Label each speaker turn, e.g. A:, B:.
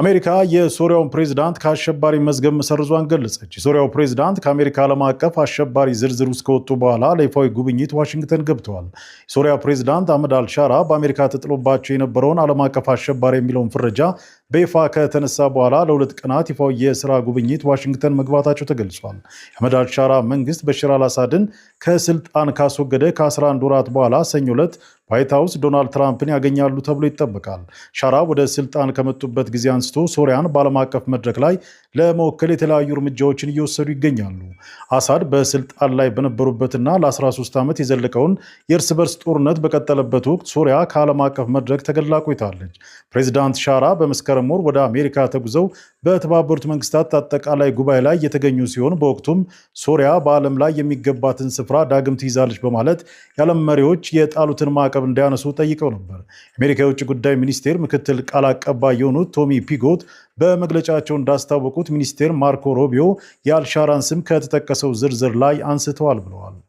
A: አሜሪካ የሶሪያውን ፕሬዝዳንት ከአሸባሪ መዝገብ መሰርዟን ገለጸች። የሶሪያው ፕሬዝዳንት ከአሜሪካ ዓለም አቀፍ አሸባሪ ዝርዝር ውስጥ ከወጡ በኋላ ለይፋዊ ጉብኝት ዋሽንግተን ገብተዋል። የሶሪያ ፕሬዝዳንት አህመድ አልሻራ በአሜሪካ ተጥሎባቸው የነበረውን ዓለም አቀፍ አሸባሪ የሚለውን ፍረጃ በይፋ ከተነሳ በኋላ ለሁለት ቀናት ይፋው የስራ ጉብኝት ዋሽንግተን መግባታቸው ተገልጿል። የአህመድ ሻራ መንግስት በሽር አላሳድን ከስልጣን ካስወገደ ከ11 ወራት በኋላ ሰኞ ዕለት ዋይት ሀውስ ዶናልድ ትራምፕን ያገኛሉ ተብሎ ይጠበቃል። ሻራ ወደ ስልጣን ከመጡበት ጊዜ አንስቶ ሶሪያን በዓለም አቀፍ መድረክ ላይ ለመወከል የተለያዩ እርምጃዎችን እየወሰዱ ይገኛሉ። አሳድ በስልጣን ላይ በነበሩበትና ለ13 ዓመት የዘለቀውን የእርስ በርስ ጦርነት በቀጠለበት ወቅት ሶሪያ ከዓለም አቀፍ መድረክ ተገላ ቆይታለች። ፕሬዚዳንት ሻራ በመስከረም ዳርሞር ወደ አሜሪካ ተጉዘው በተባበሩት መንግስታት አጠቃላይ ጉባኤ ላይ የተገኙ ሲሆን በወቅቱም ሶሪያ በዓለም ላይ የሚገባትን ስፍራ ዳግም ትይዛለች በማለት የዓለም መሪዎች የጣሉትን ማዕቀብ እንዲያነሱ ጠይቀው ነበር። የአሜሪካ የውጭ ጉዳይ ሚኒስቴር ምክትል ቃል አቀባይ የሆኑት ቶሚ ፒጎት በመግለጫቸው እንዳስታወቁት ሚኒስቴር ማርኮ ሮቢዮ የአልሻራን ስም ከተጠቀሰው ዝርዝር ላይ አንስተዋል ብለዋል።